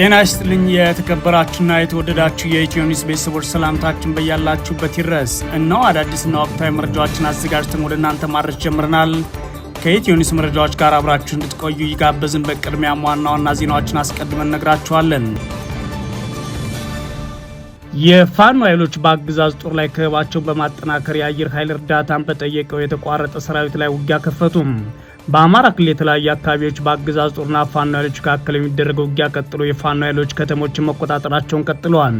ጤና ይስጥልኝ የተከበራችሁና የተወደዳችሁ የኢትዮ ኒውስ ቤተሰቦች ሰላምታችን በያላችሁበት ይድረስ። እነሆ አዳዲስና ወቅታዊ መረጃዎችን አዘጋጅተን ወደ እናንተ ማድረስ ጀምረናል። ከኢትዮ ኒውስ መረጃዎች ጋር አብራችሁ እንድትቆዩ ይጋበዝን። በቅድሚያም ዋና ዋና ዜናዎችን አስቀድመን እነግራችኋለን። የፋኖ ኃይሎች በአገዛዝ ጦር ላይ ከበባቸውን በማጠናከር የአየር ኃይል እርዳታን በጠየቀው የተቋረጠ ሰራዊት ላይ ውጊያ ከፈቱም። በአማራ ክልል የተለያዩ አካባቢዎች በአገዛዝ ጦርና ፋኖ ኃይሎች መካከል የሚደረገው ውጊያ ቀጥሎ የፋኖ ኃይሎች ከተሞችን መቆጣጠራቸውን ቀጥለዋል።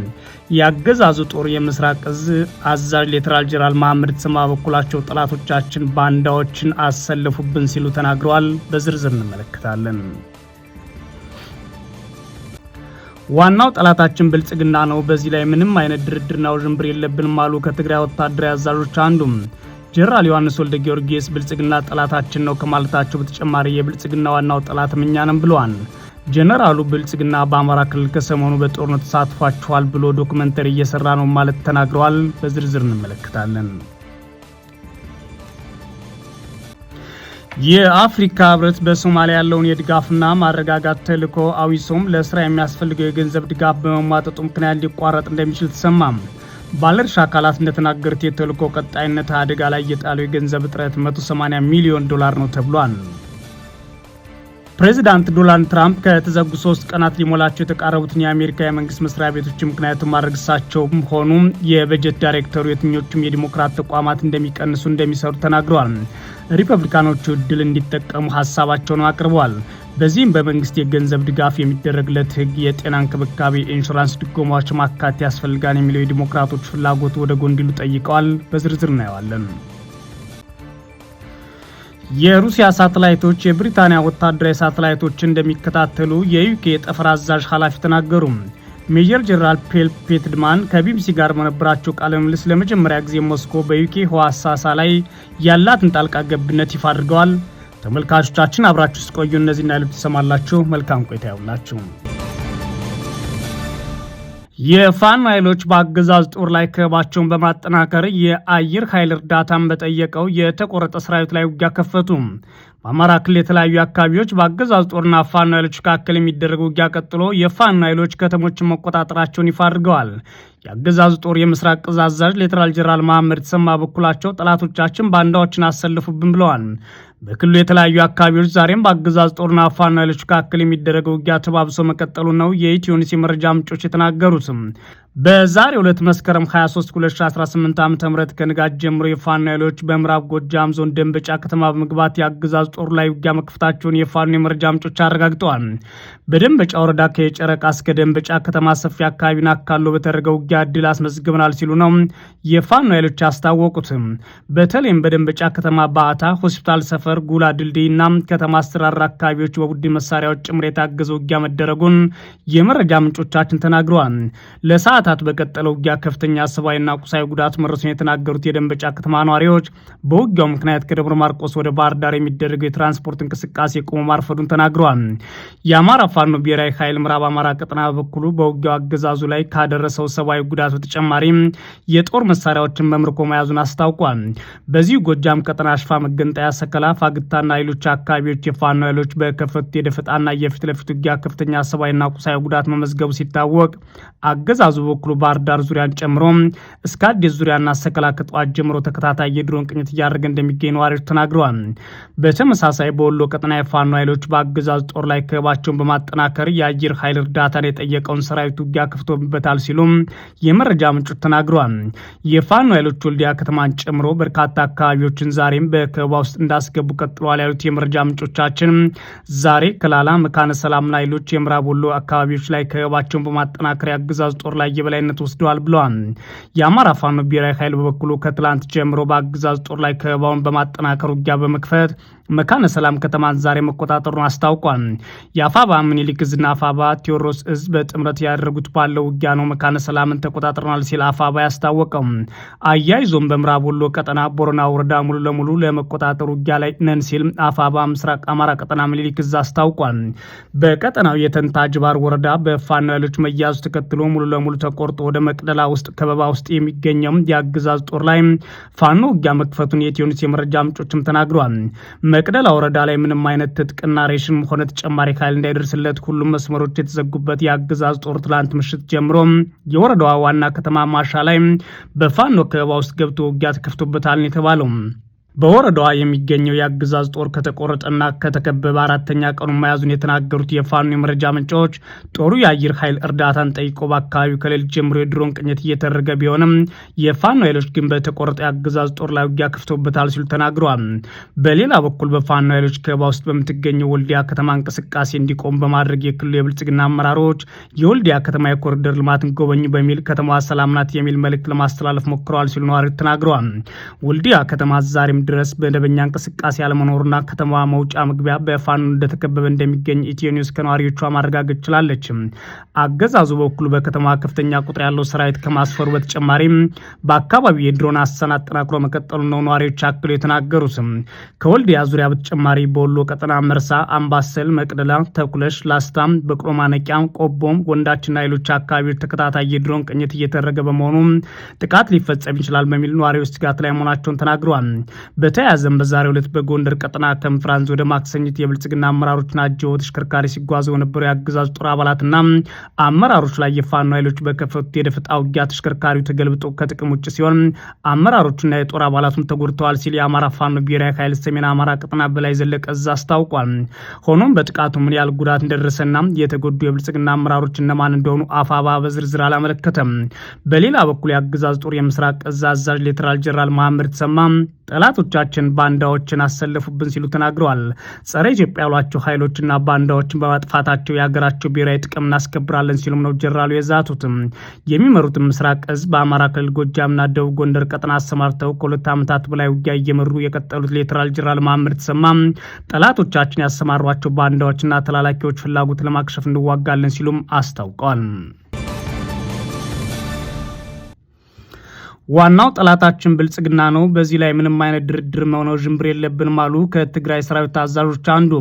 የአገዛዙ ጦር የምስራቅ እዝ አዛዥ ሌተናል ጄኔራል መሐመድ ተሰማ በኩላቸው ጠላቶቻችን ባንዳዎችን አሰለፉብን ሲሉ ተናግረዋል። በዝርዝር እንመለከታለን። ዋናው ጠላታችን ብልጽግና ነው፣ በዚህ ላይ ምንም አይነት ድርድርና ውዥንብር የለብንም አሉ ከትግራይ ወታደራዊ አዛዦች አንዱም ጀነራል ዮሐንስ ወልደ ጊዮርጊስ ብልጽግና ጠላታችን ነው ከማለታቸው በተጨማሪ የብልጽግና ዋናው ጠላት እኛ ነን ብለዋል። ጀነራሉ ብልጽግና በአማራ ክልል ከሰሞኑ በጦርነት ተሳትፏችኋል ብሎ ዶክመንተሪ እየሰራ ነው ማለት ተናግረዋል። በዝርዝር እንመለከታለን። የአፍሪካ ህብረት በሶማሊያ ያለውን የድጋፍና ማረጋጋት ተልዕኮ አዊሶም ለስራ የሚያስፈልገው የገንዘብ ድጋፍ በመሟጠጡ ምክንያት ሊቋረጥ እንደሚችል ተሰማም። ባለድርሻ አካላት እንደተናገሩት የተልዕኮ ቀጣይነት አደጋ ላይ የጣለው የገንዘብ እጥረት 180 ሚሊዮን ዶላር ነው ተብሏል። ፕሬዚዳንት ዶናልድ ትራምፕ ከተዘጉ ሶስት ቀናት ሊሞላቸው የተቃረቡትን የአሜሪካ የመንግስት መስሪያ ቤቶች ምክንያቱም ማድረግሳቸውም ሆኑ የበጀት ዳይሬክተሩ የትኞቹም የዲሞክራት ተቋማት እንደሚቀንሱ እንደሚሰሩ ተናግረዋል። ሪፐብሊካኖቹ እድል እንዲጠቀሙ ሀሳባቸውን አቅርበዋል። በዚህም በመንግስት የገንዘብ ድጋፍ የሚደረግለት ህግ፣ የጤና እንክብካቤ፣ ኢንሹራንስ ድጎማዎች ማካት ያስፈልጋል የሚለው የዲሞክራቶች ፍላጎት ወደ ጎን እንዲሉ ጠይቀዋል። በዝርዝር እናየዋለን። የሩሲያ ሳተላይቶች የብሪታንያ ወታደራዊ ሳተላይቶች እንደሚከታተሉ የዩኬ ጠፈር አዛዥ ኃላፊ ተናገሩ። ሜጀር ጀነራል ፔል ፔትድማን ከቢቢሲ ጋር በነበራቸው ቃለ ምልልስ ለመጀመሪያ ጊዜ ሞስኮ በዩኬ ህዋ አሳሳ ላይ ያላትን ጣልቃ ገብነት ይፋ አድርገዋል። ተመልካቾቻችን አብራችሁ ስቆዩ። እነዚህና ሌሎች ትሰማላችሁ። መልካም ቆይታ ይሁንላችሁ። የፋኖ ኃይሎች በአገዛዝ ጦር ላይ ከበባቸውን በማጠናከር የአየር ኃይል እርዳታን በጠየቀው የተቆረጠ ሰራዊት ላይ ውጊያ ከፈቱ። በአማራ ክልል የተለያዩ አካባቢዎች በአገዛዝ ጦርና ፋኖ ኃይሎች መካከል የሚደረገ ውጊያ ቀጥሎ የፋኖ ኃይሎች ከተሞችን መቆጣጠራቸውን ይፋ አድርገዋል። የአገዛዝ ጦር የምስራቅ እዝ አዛዥ ሌተናል ጄኔራል መሐመድ ተሰማ በኩላቸው ጠላቶቻችን ባንዳዎችን አሰልፉብን ብለዋል። በክልሉ የተለያዩ አካባቢዎች ዛሬም በአገዛዝ ጦርና ፋኖ ኃይሎች መካከል የሚደረገው ውጊያ ተባብሶ መቀጠሉ ነው የኢትዮኒስ የመረጃ ምንጮች የተናገሩት። በዛሬ ሁለት መስከረም 23 2018 ዓ ም ከንጋት ጀምሮ የፋኖ ኃይሎች በምዕራብ ጎጃም ዞን ደንበጫ ከተማ በመግባት የአገዛዝ ጦር ላይ ውጊያ መክፈታቸውን የፋኖ የመረጃ ምንጮች አረጋግጠዋል። በደንበጫ ወረዳ ከየጨረቃ እስከ ደንበጫ ከተማ ሰፊ አካባቢን አካሎ በተደረገ ውጊያ ድል አስመዝግበናል ሲሉ ነው የፋኖ ኃይሎች ያስታወቁት። በተለይም በደንበጫ ከተማ በአታ ሆስፒታል ሰፈ ሰፈር ጉላ ድልድይና ከተማ አስተራር አካባቢዎች በቡድን መሳሪያዎች ጭምር የታገዘ ውጊያ መደረጉን የመረጃ ምንጮቻችን ተናግረዋል። ለሰዓታት በቀጠለ ውጊያ ከፍተኛ ሰብአዊና ቁሳዊ ጉዳት መረሱን የተናገሩት የደንበጫ ከተማ ነዋሪዎች በውጊያው ምክንያት ከደብረ ማርቆስ ወደ ባህር ዳር የሚደረገው የትራንስፖርት እንቅስቃሴ ቆሞ ማርፈዱን ተናግረዋል። የአማራ ፋኖ ብሔራዊ ኃይል ምዕራብ አማራ ቀጠና በበኩሉ በውጊያው አገዛዙ ላይ ካደረሰው ሰብአዊ ጉዳት በተጨማሪም የጦር መሳሪያዎችን መምርኮ መያዙን አስታውቋል። በዚሁ ጎጃም ቀጠና አሽፋ መገንጠያ ሰከላ ፋግታና ሌሎች አካባቢዎች የፋኖ ኃይሎች በከፈቱት የደፈጣና የፊት ለፊት ውጊያ ከፍተኛ ሰብአዊና ቁሳዊ ጉዳት መመዝገቡ ሲታወቅ አገዛዙ በኩሉ ባህር ዳር ዙሪያን ጨምሮ እስከ አዲስ ዙሪያና ሰከላ ከጠዋት ጀምሮ ተከታታይ የድሮን ቅኝት እያደረገ እንደሚገኝ ነዋሪዎች ተናግረዋል። በተመሳሳይ በወሎ ቀጠና የፋኖ ኃይሎች በአገዛዙ ጦር ላይ ከበባቸውን በማጠናከር የአየር ኃይል እርዳታን የጠየቀውን ሰራዊት ውጊያ ከፍቶበታል ሲሉም የመረጃ ምንጮች ተናግረዋል። የፋኖ ኃይሎች ወልዲያ ከተማን ጨምሮ በርካታ አካባቢዎችን ዛሬም በከበባ ውስጥ እንዳስገቡ ሲያስገቡ ቀጥሏል ያሉት የመረጃ ምንጮቻችን ዛሬ ከላላ መካነ ሰላምና ሌሎች የምዕራብ ወሎ አካባቢዎች ላይ ከበባቸውን በማጠናከር የአገዛዙ ጦር ላይ የበላይነት ወስደዋል ብለዋል። የአማራ ፋኖ ብሔራዊ ኃይል በበኩሉ ከትላንት ጀምሮ በአገዛዙ ጦር ላይ ከበባውን በማጠናከር ውጊያ በመክፈት መካነ ሰላም ከተማ ዛሬ መቆጣጠሩን አስታውቋል። የአፋባ ምኒልክ እዝና አፋባ ቴዎድሮስ እዝ በጥምረት ያደረጉት ባለው ውጊያ ነው መካነ ሰላምን ተቆጣጥረናል ሲል አፋባ ያስታወቀው። አያይዞም በምዕራብ ወሎ ቀጠና ቦረና ወረዳ ሙሉ ለሙሉ ለመቆጣጠር ውጊያ ላይ ነን ሲል አፋባ ምስራቅ አማራ ቀጠና ምኒልክ እዝ አስታውቋል። በቀጠናው የተንታ ጅባር ወረዳ በፋኖ ኃይሎች መያዙ ተከትሎ ሙሉ ለሙሉ ተቆርጦ ወደ መቅደላ ውስጥ ከበባ ውስጥ የሚገኘው የአገዛዝ ጦር ላይ ፋኖ ውጊያ መክፈቱን የኢትዮኒውስ የመረጃ ምንጮችም ተናግረዋል። መቅደላ ወረዳ ላይ ምንም አይነት ትጥቅና ሬሽን ሆነ ተጨማሪ ካል እንዳይደርስለት ሁሉም መስመሮች የተዘጉበት የአገዛዝ ጦር ትላንት ምሽት ጀምሮ የወረዳዋ ዋና ከተማ ማሻ ላይ በፋኖ ከበባ ውስጥ ገብቶ ውጊያ ተከፍቶበታል የተባለው በወረዳዋ የሚገኘው የአገዛዝ ጦር ከተቆረጠና ከተከበበ አራተኛ ቀኑ መያዙን የተናገሩት የፋኖ የመረጃ ምንጮች ጦሩ የአየር ኃይል እርዳታን ጠይቆ በአካባቢው ከሌሊት ጀምሮ የድሮን ቅኝት እየተደረገ ቢሆንም የፋኖ ኃይሎች ግን በተቆረጠ የአገዛዝ ጦር ላይ ውጊያ ከፍቶበታል ሲሉ ተናግረዋል። በሌላ በኩል በፋኖ ኃይሎች ከበባ ውስጥ በምትገኘው ወልዲያ ከተማ እንቅስቃሴ እንዲቆም በማድረግ የክልሉ የብልጽግና አመራሮች የወልዲያ ከተማ የኮሪደር ልማትን ጎበኙ በሚል ከተማዋ ሰላም ናት የሚል መልእክት ለማስተላለፍ ሞክረዋል ሲሉ ነዋሪዎች ተናግረዋል። ወልዲያ ከተማ ዛሬም ድረስ መደበኛ እንቅስቃሴ አለመኖሩና ከተማ መውጫ መግቢያ በፋኖ እንደተከበበ እንደሚገኝ ኒውስ ከነዋሪዎቿ ማረጋገጥ ችላለች። አገዛዙ በኩሉ በከተማ ከፍተኛ ቁጥር ያለው ሰራዊት ከማስፈሩ በተጨማሪም በአካባቢው የድሮን አሰሳን አጠናክሮ መቀጠሉ ነው ነዋሪዎች አክሎ የተናገሩት። ከወልዲያ ዙሪያ በተጨማሪ በወሎ ቀጠና መርሳ፣ አምባሰል፣ መቅደላ፣ ተኩለሽ፣ ላስታም፣ በቅሎ ማነቂያ፣ ቆቦም፣ ወንዳችና ሌሎች አካባቢዎች ተከታታይ የድሮን ቅኝት እየተደረገ በመሆኑ ጥቃት ሊፈጸም ይችላል በሚል ነዋሪዎች ስጋት ላይ መሆናቸውን ተናግረዋል። በተያያዘም በዛሬው ዕለት በጎንደር ቀጠና ተምፍራንዝ ወደ ማክሰኝት የብልጽግና አመራሮች ናቸው ተሽከርካሪ ሲጓዙ የነበሩ የአገዛዝ ጦር አባላትና አመራሮች ላይ የፋኖ ኃይሎች በከፈቱት የደፈጣ ውጊያ ተሽከርካሪው ተገልብጦ ከጥቅም ውጭ ሲሆን አመራሮቹና የጦር አባላቱም ተጎድተዋል ሲል የአማራ ፋኖ ብሔራዊ ኃይል ሰሜን አማራ ቀጠና በላይ ዘለቀ እዝ አስታውቋል። ሆኖም በጥቃቱ ምን ያህል ጉዳት እንደደረሰና የተጎዱ የብልጽግና አመራሮች እነማን እንደሆኑ አፋባ በዝርዝር አላመለከተም። በሌላ በኩል የአገዛዝ ጦር የምስራቅ እዝ አዛዥ ሌተናል ጀነራል መሐመድ ተሰማ ጠላቶች ጠላቶቻችን ባንዳዎችን አሰለፉብን ሲሉ ተናግረዋል። ጸረ ኢትዮጵያ ያሏቸው ኃይሎችና ባንዳዎችን በማጥፋታቸው የሀገራቸው ብሔራዊ ጥቅም እናስከብራለን ሲሉም ነው ጀራሉ የዛቱትም። የሚመሩትን ምስራቅ እዝ በአማራ ክልል ጎጃምና ደቡብ ጎንደር ቀጠና አሰማርተው ከሁለት ዓመታት በላይ ውጊያ እየመሩ የቀጠሉት ሌተናል ጀራል መሐመድ ተሰማ ጠላቶቻችን ያሰማሯቸው ባንዳዎችና ተላላኪዎች ፍላጎት ለማክሸፍ እንዋጋለን ሲሉም አስታውቀዋል። ዋናው ጠላታችን ብልጽግና ነው። በዚህ ላይ ምንም አይነት ድርድር መሆነው ዥምብር የለብንም አሉ ከትግራይ ሰራዊት አዛዦች አንዱ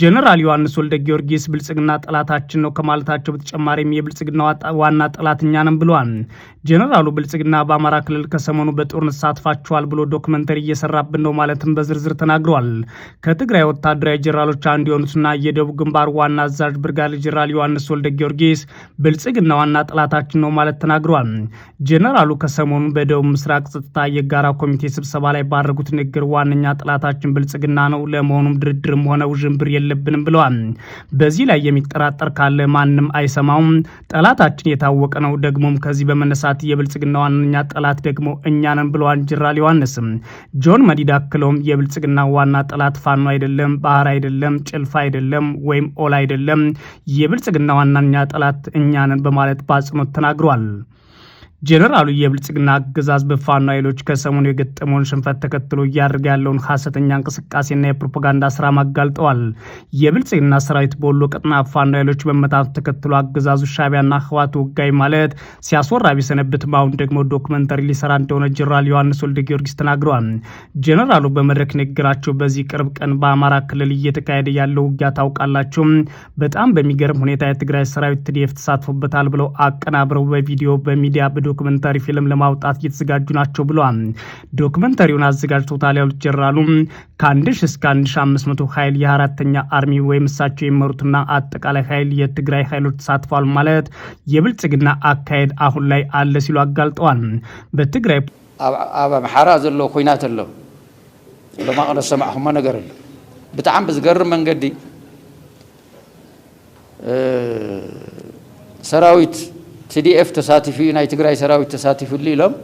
ጀኔራል ዮሐንስ ወልደ ጊዮርጊስ ብልጽግና ጠላታችን ነው ከማለታቸው በተጨማሪም የብልጽግና ዋና ጠላትኛ ነን ብለዋል። ጀኔራሉ ብልጽግና በአማራ ክልል ከሰሞኑ በጦርነት ተሳትፋችኋል ብሎ ዶክመንተሪ እየሰራብን ነው ማለትም በዝርዝር ተናግረዋል። ከትግራይ ወታደራዊ ጀኔራሎች አንዱ የሆኑትና የደቡብ ግንባር ዋና አዛዥ ብርጋዴር ጀኔራል ዮሐንስ ወልደ ጊዮርጊስ ብልጽግና ዋና ጠላታችን ነው ማለት ተናግረዋል። ጀኔራሉ ከሰሞኑ በደቡብ ምስራቅ ጸጥታ የጋራ ኮሚቴ ስብሰባ ላይ ባደረጉት ንግግር ዋነኛ ጠላታችን ብልጽግና ነው፣ ለመሆኑም ድርድርም ሆነ ውዥንብር የለብንም ብለዋል። በዚህ ላይ የሚጠራጠር ካለ ማንም አይሰማውም፣ ጠላታችን የታወቀ ነው። ደግሞም ከዚህ በመነሳት የብልጽግና ዋነኛ ጠላት ደግሞ እኛንን ብለዋል ጀነራል ዮሐንስም። ጆን መዲድ አክለውም የብልጽግና ዋና ጠላት ፋኖ አይደለም፣ ባህር አይደለም፣ ጭልፋ አይደለም ወይም ኦል አይደለም፣ የብልጽግና ዋናኛ ጠላት እኛንን በማለት በአጽንኦት ተናግሯል። ጄኔራሉ የብልጽግና አገዛዝ በፋኖ ኃይሎች ከሰሞኑ የገጠመውን ሽንፈት ተከትሎ እያደረገ ያለውን ሐሰተኛ እንቅስቃሴና የፕሮፓጋንዳ ስራ ማጋልጠዋል። የብልጽግና ሰራዊት በወሎ ቀጠና ፋኖ ኃይሎች መመታቱ ተከትሎ አገዛዙ ሻቢያና ህዋት ውጋይ ማለት ሲያስወራ ቢሰነብት አሁን ደግሞ ዶክመንተሪ ሊሰራ እንደሆነ ጄኔራል ዮሐንስ ወልደ ጊዮርጊስ ተናግረዋል። ጄኔራሉ በመድረክ ንግግራቸው በዚህ ቅርብ ቀን በአማራ ክልል እየተካሄደ ያለው ውጊያ ታውቃላችሁ፣ በጣም በሚገርም ሁኔታ የትግራይ ሰራዊት ትዲፍ ተሳትፎበታል ብለው አቀናብረው በቪዲዮ በሚዲያ ዶክመንታሪ ፊልም ለማውጣት እየተዘጋጁ ናቸው ብለዋል። ዶክመንታሪውን አዘጋጅቶታል ያሉት ጀነራሉ ከአንድ ሺ እስከ አንድ ሺ አምስት መቶ ኃይል የአራተኛ አርሚ ወይም እሳቸው የሚመሩትና አጠቃላይ ኃይል የትግራይ ኃይሎች ተሳትፏል ማለት የብልጽግና አካሄድ አሁን ላይ አለ ሲሉ አጋልጠዋል። በትግራይ ኣብ ኣምሓራ ዘሎ ኩናት ኣሎ ሎማቅለ ዝሰማዕኹሞ ነገር ኣሎ ብጣዕሚ ብዝገርም መንገዲ ሰራዊት ሲዲኤፍ ተሳትፊ ናይ ትግራይ ሰራዊት ተሳትፉሉ ኢሎም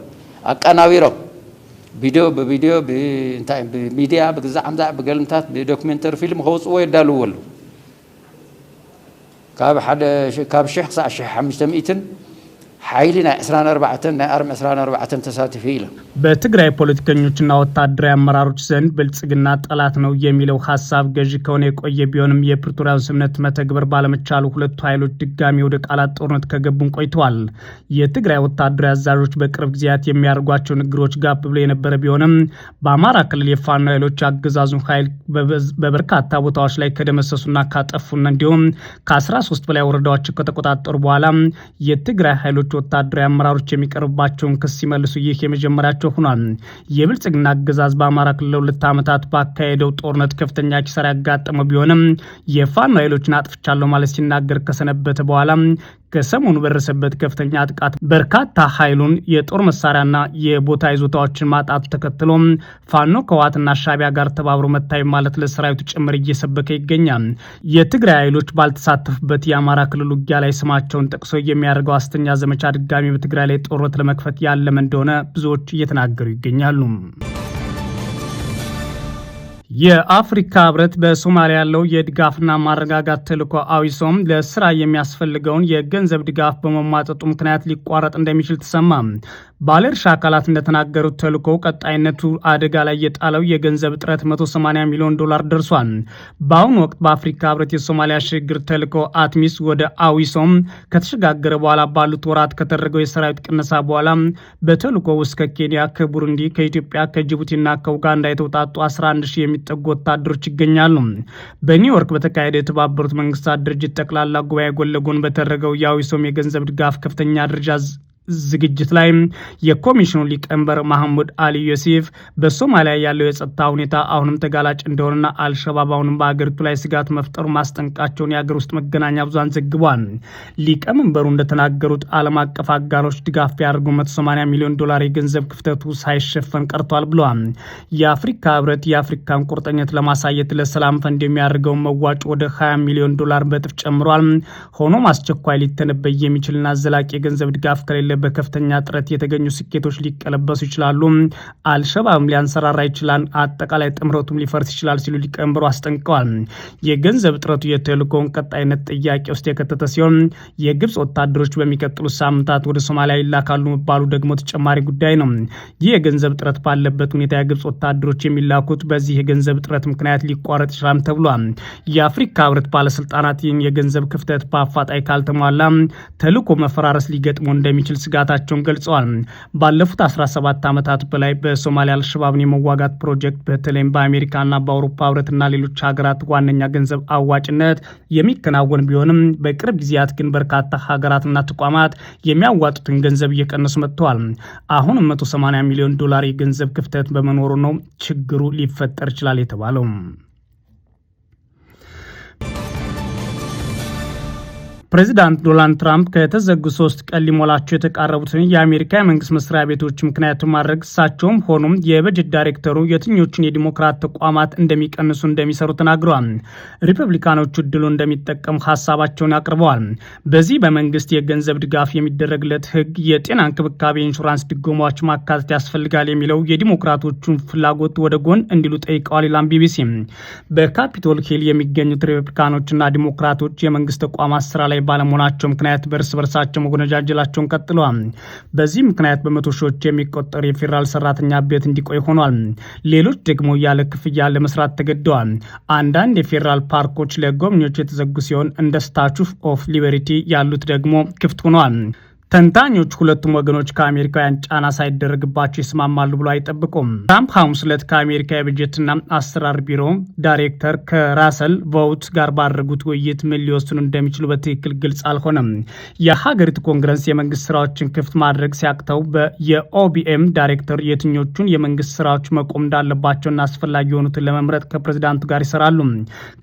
ኣቀናቢሮም ቪድዮ ብቪድዮ ብሚድያ ብግዛዕ ምዛዕ ብገልምታት ብዶክሜንተሪ ፊልም ከውፅዎ የዳልዎ ኣለው ካብ ሽሕ ክሳብ ሽሕ ሓሙሽተ ሚእትን ሓይሊ ናይ 24 ናይ ኣርሚ 24 ተሳትፊ ኢለ በትግራይ ፖለቲከኞችና ወታደራዊ አመራሮች ዘንድ ብልጽግና ጠላት ነው የሚለው ሀሳብ ገዢ ከሆነ የቆየ ቢሆንም የፕሪቶሪያውን ስምነት መተግበር ባለመቻሉ ሁለቱ ኃይሎች ድጋሚ ወደ ቃላት ጦርነት ከገቡን ቆይተዋል። የትግራይ ወታደራዊ አዛዦች በቅርብ ጊዜያት የሚያደርጓቸው ንግሮች ጋብ ብሎ የነበረ ቢሆንም በአማራ ክልል የፋኖ ኃይሎች አገዛዙን ኃይል በበርካታ ቦታዎች ላይ ከደመሰሱና ካጠፉና እንዲሁም ከ13 በላይ ወረዳዎች ከተቆጣጠሩ በኋላ የትግራይ ኃይሎች ሌሎች ወታደራዊ አመራሮች የሚቀርብባቸውን ክስ ሲመልሱ ይህ የመጀመሪያቸው ሆኗል። የብልጽግና አገዛዝ በአማራ ክልል ሁለት ዓመታት ባካሄደው ጦርነት ከፍተኛ ኪሳራ ያጋጠመው ቢሆንም የፋኖ ኃይሎችን አጥፍቻለሁ ማለት ሲናገር ከሰነበተ በኋላ ከሰሞኑ በደረሰበት ከፍተኛ ጥቃት በርካታ ኃይሉን የጦር መሳሪያና የቦታ ይዞታዎችን ማጣቱ ተከትሎ ፋኖ ከዋትና ሻቢያ ጋር ተባብሮ መታይ ማለት ለሰራዊቱ ጭምር እየሰበከ ይገኛል። የትግራይ ኃይሎች ባልተሳተፉበት የአማራ ክልል ውጊያ ላይ ስማቸውን ጠቅሶ የሚያደርገው አስተኛ ዘመቻ ድጋሚ በትግራይ ላይ ጦርነት ለመክፈት ያለመ እንደሆነ ብዙዎች እየተናገሩ ይገኛሉ። የአፍሪካ ህብረት በሶማሊያ ያለው የድጋፍና ማረጋጋት ተልዕኮ አዊሶም ለስራ የሚያስፈልገውን የገንዘብ ድጋፍ በመሟጠጡ ምክንያት ሊቋረጥ እንደሚችል ተሰማ። ባለድርሻ አካላት እንደተናገሩት ተልኮ ቀጣይነቱ አደጋ ላይ የጣለው የገንዘብ እጥረት 180 ሚሊዮን ዶላር ደርሷል። በአሁኑ ወቅት በአፍሪካ ህብረት የሶማሊያ ሽግግር ተልኮ አትሚስ ወደ አዊሶም ከተሸጋገረ በኋላ ባሉት ወራት ከተደረገው የሰራዊት ቅነሳ በኋላ በተልኮ ውስጥ ከኬንያ፣ ከቡሩንዲ፣ ከኢትዮጵያ፣ ከጅቡቲና ከኡጋንዳ የተውጣጡ 11 ሺህ የሚጠጉ ወታደሮች ይገኛሉ። በኒውዮርክ በተካሄደ የተባበሩት መንግስታት ድርጅት ጠቅላላ ጉባኤ ጎን ለጎን በተደረገው የአዊሶም የገንዘብ ድጋፍ ከፍተኛ ደረጃ ዝግጅት ላይ የኮሚሽኑ ሊቀመንበር ማህሙድ አሊ ዮሴፍ በሶማሊያ ያለው የጸጥታ ሁኔታ አሁንም ተጋላጭ እንደሆነና አልሸባብ አሁንም በሀገሪቱ ላይ ስጋት መፍጠሩ ማስጠንቃቸውን የሀገር ውስጥ መገናኛ ብዙሃን ዘግቧል። ሊቀመንበሩ እንደተናገሩት ዓለም አቀፍ አጋሮች ድጋፍ ቢያደርጉ 180 ሚሊዮን ዶላር የገንዘብ ክፍተቱ ሳይሸፈን ቀርቷል ብለዋል። የአፍሪካ ህብረት የአፍሪካን ቁርጠኝነት ለማሳየት ለሰላም ፈንድ የሚያደርገውን መዋጮ ወደ 20 ሚሊዮን ዶላር በእጥፍ ጨምሯል። ሆኖም አስቸኳይ ሊተነበይ የሚችልና ዘላቂ የገንዘብ ድጋፍ ከሌለ በከፍተኛ ጥረት የተገኙ ስኬቶች ሊቀለበሱ ይችላሉ፣ አልሸባብም ሊያንሰራራ ይችላል፣ አጠቃላይ ጥምረቱም ሊፈርስ ይችላል ሲሉ ሊቀመንበሩ አስጠንቀዋል። የገንዘብ ጥረቱ የተልእኮውን ቀጣይነት ጥያቄ ውስጥ የከተተ ሲሆን የግብፅ ወታደሮች በሚቀጥሉት ሳምንታት ወደ ሶማሊያ ይላካሉ መባሉ ደግሞ ተጨማሪ ጉዳይ ነው። ይህ የገንዘብ ጥረት ባለበት ሁኔታ የግብፅ ወታደሮች የሚላኩት በዚህ የገንዘብ ጥረት ምክንያት ሊቋረጥ ይችላል ተብሏል። የአፍሪካ ህብረት ባለስልጣናት ይህን የገንዘብ ክፍተት በአፋጣኝ ካልተሟላ ተልእኮ መፈራረስ ሊገጥመው እንደሚችል ስጋታቸውን ገልጸዋል። ባለፉት 17 ዓመታት በላይ በሶማሊያ አልሸባብን የመዋጋት ፕሮጀክት በተለይም በአሜሪካና በአውሮፓ ህብረትና ሌሎች ሀገራት ዋነኛ ገንዘብ አዋጭነት የሚከናወን ቢሆንም በቅርብ ጊዜያት ግን በርካታ ሀገራትና ተቋማት የሚያዋጡትን ገንዘብ እየቀነሱ መጥተዋል። አሁን 180 ሚሊዮን ዶላር የገንዘብ ክፍተት በመኖሩ ነው ችግሩ ሊፈጠር ይችላል የተባለው። ፕሬዚዳንት ዶናልድ ትራምፕ ከተዘጉ ሶስት ቀን ሊሞላቸው የተቃረቡትን የአሜሪካ የመንግስት መስሪያ ቤቶች ምክንያት ማድረግ እሳቸውም ሆኑም የበጀት ዳይሬክተሩ የትኞቹን የዲሞክራት ተቋማት እንደሚቀንሱ እንደሚሰሩ ተናግረዋል። ሪፐብሊካኖቹ እድሉ እንደሚጠቀሙ ሀሳባቸውን አቅርበዋል። በዚህ በመንግስት የገንዘብ ድጋፍ የሚደረግለት ህግ የጤና እንክብካቤ ኢንሹራንስ ድጎማዎች ማካተት ያስፈልጋል የሚለው የዲሞክራቶቹን ፍላጎት ወደ ጎን እንዲሉ ጠይቀዋል። ይላም ቢቢሲ በካፒቶል ሂል የሚገኙት ሪፐብሊካኖችና ዲሞክራቶች የመንግስት ተቋማት ስራ ላይ ባለመሆናቸው ምክንያት በእርስ በርሳቸው መጎነጃጀላቸውን ቀጥለዋል። በዚህ ምክንያት በመቶ ሺዎች የሚቆጠሩ የፌዴራል ሰራተኛ ቤት እንዲቆይ ሆኗል። ሌሎች ደግሞ ያለ ክፍያ ለመስራት ተገደዋል። አንዳንድ የፌዴራል ፓርኮች ለጎብኚዎች የተዘጉ ሲሆን እንደ ስታቹ ኦፍ ሊበሪቲ ያሉት ደግሞ ክፍት ሆኗል። ተንታኞች ሁለቱም ወገኖች ከአሜሪካውያን ጫና ሳይደረግባቸው ይስማማሉ ብሎ አይጠብቁም። ትራምፕ ሐሙስ ዕለት ከአሜሪካ የበጀትና አሰራር ቢሮ ዳይሬክተር ከራሰል ቮውት ጋር ባደረጉት ውይይት ምን ሊወስኑ እንደሚችሉ በትክክል ግልጽ አልሆነም። የሀገሪቱ ኮንግረስ የመንግስት ስራዎችን ክፍት ማድረግ ሲያቅተው የኦቢኤም ዳይሬክተር የትኞቹን የመንግስት ስራዎች መቆም እንዳለባቸውና አስፈላጊ የሆኑትን ለመምረጥ ከፕሬዚዳንቱ ጋር ይሰራሉ።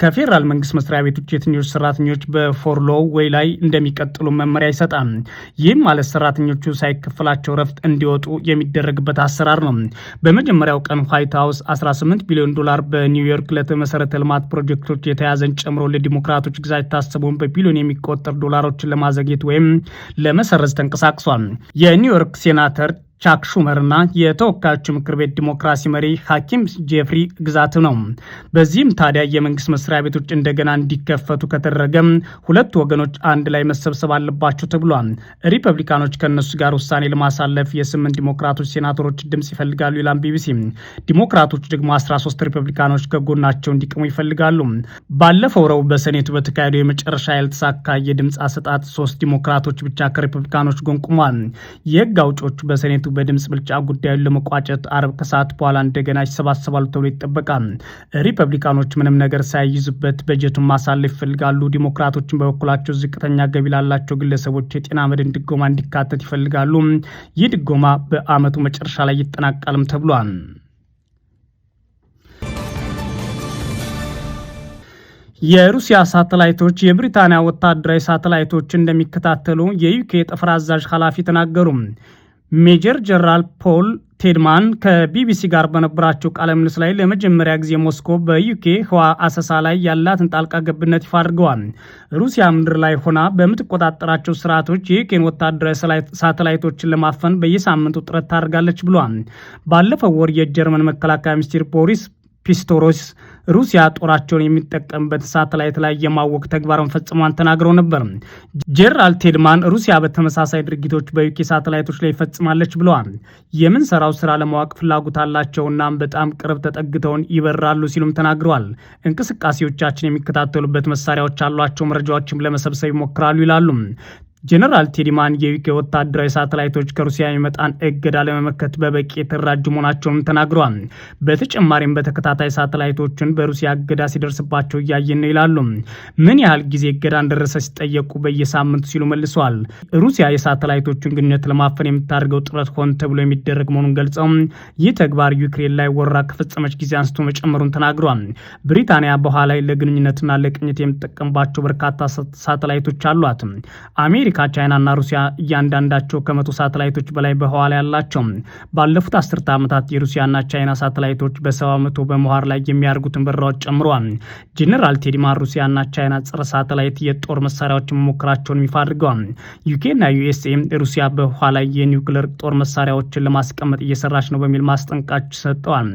ከፌዴራል መንግስት መስሪያ ቤቶች የትኞቹ ሰራተኞች በፎርሎ ወይ ላይ እንደሚቀጥሉ መመሪያ ይሰጣል። ይህም ማለት ሰራተኞቹ ሳይከፈላቸው ረፍት እንዲወጡ የሚደረግበት አሰራር ነው። በመጀመሪያው ቀን ዋይት ሀውስ 18 ቢሊዮን ዶላር በኒውዮርክ ለተመሰረተ ልማት ፕሮጀክቶች የተያዘን ጨምሮ ለዲሞክራቶች ግዛት የታሰበውን በቢሊዮን የሚቆጠር ዶላሮችን ለማዘግየት ወይም ለመሰረዝ ተንቀሳቅሷል። የኒውዮርክ ሴናተር ቻክ ሹመርና የተወካዮች ምክር ቤት ዲሞክራሲ መሪ ሐኪም ጄፍሪ ግዛት ነው። በዚህም ታዲያ የመንግስት መስሪያ ቤቶች እንደገና እንዲከፈቱ ከተደረገ ሁለቱ ወገኖች አንድ ላይ መሰብሰብ አለባቸው ተብሏል። ሪፐብሊካኖች ከእነሱ ጋር ውሳኔ ለማሳለፍ የስምንት ዲሞክራቶች ሴናተሮች ድምፅ ይፈልጋሉ ይላል ቢቢሲ። ዲሞክራቶች ደግሞ 13 ሪፐብሊካኖች ከጎናቸው እንዲቀሙ ይፈልጋሉ። ባለፈው ረቡዕ በሰኔቱ በተካሄደው የመጨረሻ ያልተሳካ የድምፅ አሰጣጥ ሶስት ዲሞክራቶች ብቻ ከሪፐብሊካኖች ጎን ቆመዋል። የህግ አውጮቹ በሰኔቱ በድምፅ ብልጫ ጉዳዩን ለመቋጨት አርብ ከሰዓት በኋላ እንደገና ይሰባሰባሉ ተብሎ ይጠበቃል። ሪፐብሊካኖች ምንም ነገር ሳይይዙበት በጀቱን ማሳለፍ ይፈልጋሉ። ዲሞክራቶችን በበኩላቸው ዝቅተኛ ገቢ ላላቸው ግለሰቦች የጤና መድን ድጎማ እንዲካተት ይፈልጋሉ። ይህ ድጎማ በአመቱ መጨረሻ ላይ ይጠናቃልም ተብሏል። የሩሲያ ሳተላይቶች የብሪታንያ ወታደራዊ ሳተላይቶች እንደሚከታተሉ የዩኬ ጠፈር አዛዥ ኃላፊ ተናገሩ። ሜጀር ጀነራል ፖል ቴድማን ከቢቢሲ ጋር በነበራቸው ቃለ ምልልስ ላይ ለመጀመሪያ ጊዜ ሞስኮ በዩኬ ህዋ አሰሳ ላይ ያላትን ጣልቃ ገብነት ይፋ አድርገዋል። ሩሲያ ምድር ላይ ሆና በምትቆጣጠራቸው ስርዓቶች የዩኬን ወታደራዊ ሳተላይቶችን ለማፈን በየሳምንቱ ጥረት ታደርጋለች ብሏል። ባለፈው ወር የጀርመን መከላከያ ሚኒስትር ቦሪስ ፒስቶሮስ ሩሲያ ጦራቸውን የሚጠቀምበት ሳተላይት ላይ የማወቅ ተግባርን ፈጽሟን ተናግረው ነበር። ጄኔራል ቴድማን ሩሲያ በተመሳሳይ ድርጊቶች በዩኬ ሳተላይቶች ላይ ፈጽማለች ብለዋል። የምንሰራው ስራ ለማወቅ ፍላጎት አላቸውና በጣም ቅርብ ተጠግተውን ይበራሉ ሲሉም ተናግረዋል። እንቅስቃሴዎቻችን የሚከታተሉበት መሳሪያዎች አሏቸው፣ መረጃዎችም ለመሰብሰብ ይሞክራሉ ይላሉ። ጀነራል ቴዲማን የዩኬ ወታደራዊ ሳተላይቶች ከሩሲያ የሚመጣን እገዳ ለመመከት በበቂ የተደራጁ መሆናቸውን ተናግረዋል። በተጨማሪም በተከታታይ ሳተላይቶችን በሩሲያ እገዳ ሲደርስባቸው እያየን ነው ይላሉ። ምን ያህል ጊዜ እገዳ እንደደረሰ ሲጠየቁ በየሳምንቱ ሲሉ መልሰዋል። ሩሲያ የሳተላይቶቹን ግንኙነት ለማፈን የምታደርገው ጥረት ሆን ተብሎ የሚደረግ መሆኑን ገልጸው ይህ ተግባር ዩክሬን ላይ ወረራ ከፈጸመች ጊዜ አንስቶ መጨመሩን ተናግረዋል። ብሪታንያ በኋላ ላይ ለግንኙነትና ለቅኝት የምትጠቀምባቸው በርካታ ሳተላይቶች አሏት። አሜሪካ፣ ቻይናና ሩሲያ እያንዳንዳቸው ከመቶ ሳተላይቶች በላይ በህዋ ላይ ያላቸው። ባለፉት አስርተ ዓመታት የሩሲያና ቻይና ሳተላይቶች በሰባ መቶ በመዋር ላይ የሚያደርጉትን በረራዎች ጨምረዋል። ጄኔራል ቴዲማን ሩሲያና ቻይና ጸረ ሳተላይት የጦር መሳሪያዎች መሞከራቸውን ይፋ አድርገዋል። ዩኬና ዩኤስኤ ሩሲያ በህዋ ላይ የኒውክሌር ጦር መሳሪያዎችን ለማስቀመጥ እየሰራች ነው በሚል ማስጠንቀቂያ ሰጠዋል።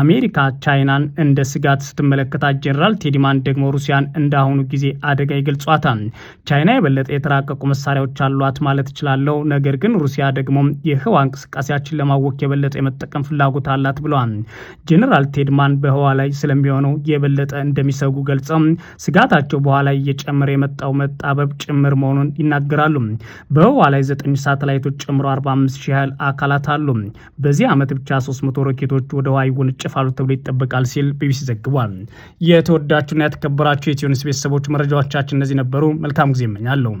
አሜሪካ ቻይናን እንደ ስጋት ስትመለከታት፣ ጄኔራል ቴዲማን ደግሞ ሩሲያን እንደ አሁኑ ጊዜ አደጋ ይገልጿታል። ቻይና የበለጠ የተራቀቁ መሳሪያዎች አሏት ማለት እችላለሁ። ነገር ግን ሩሲያ ደግሞ የህዋ እንቅስቃሴያችን ለማወክ የበለጠ የመጠቀም ፍላጎት አላት ብለዋል። ጄኔራል ቴድማን በህዋ ላይ ስለሚሆነው የበለጠ እንደሚሰጉ ገልጸው ስጋታቸው በኋላ እየጨመረ የመጣው መጣበብ ጭምር መሆኑን ይናገራሉ። በህዋ ላይ ዘጠኝ ሳተላይቶች ጨምሮ 45 ሺህ ያህል አካላት አሉ። በዚህ ዓመት ብቻ 300 ሮኬቶች ወደ ህዋ ይወነጨፋሉ ተብሎ ይጠበቃል ሲል ቢቢሲ ዘግቧል። የተወዳችሁና የተከበራችሁ የኢትዮ ኒውስ ቤተሰቦች መረጃዎቻችን እነዚህ ነበሩ። መልካም ጊዜ እመኛለሁ።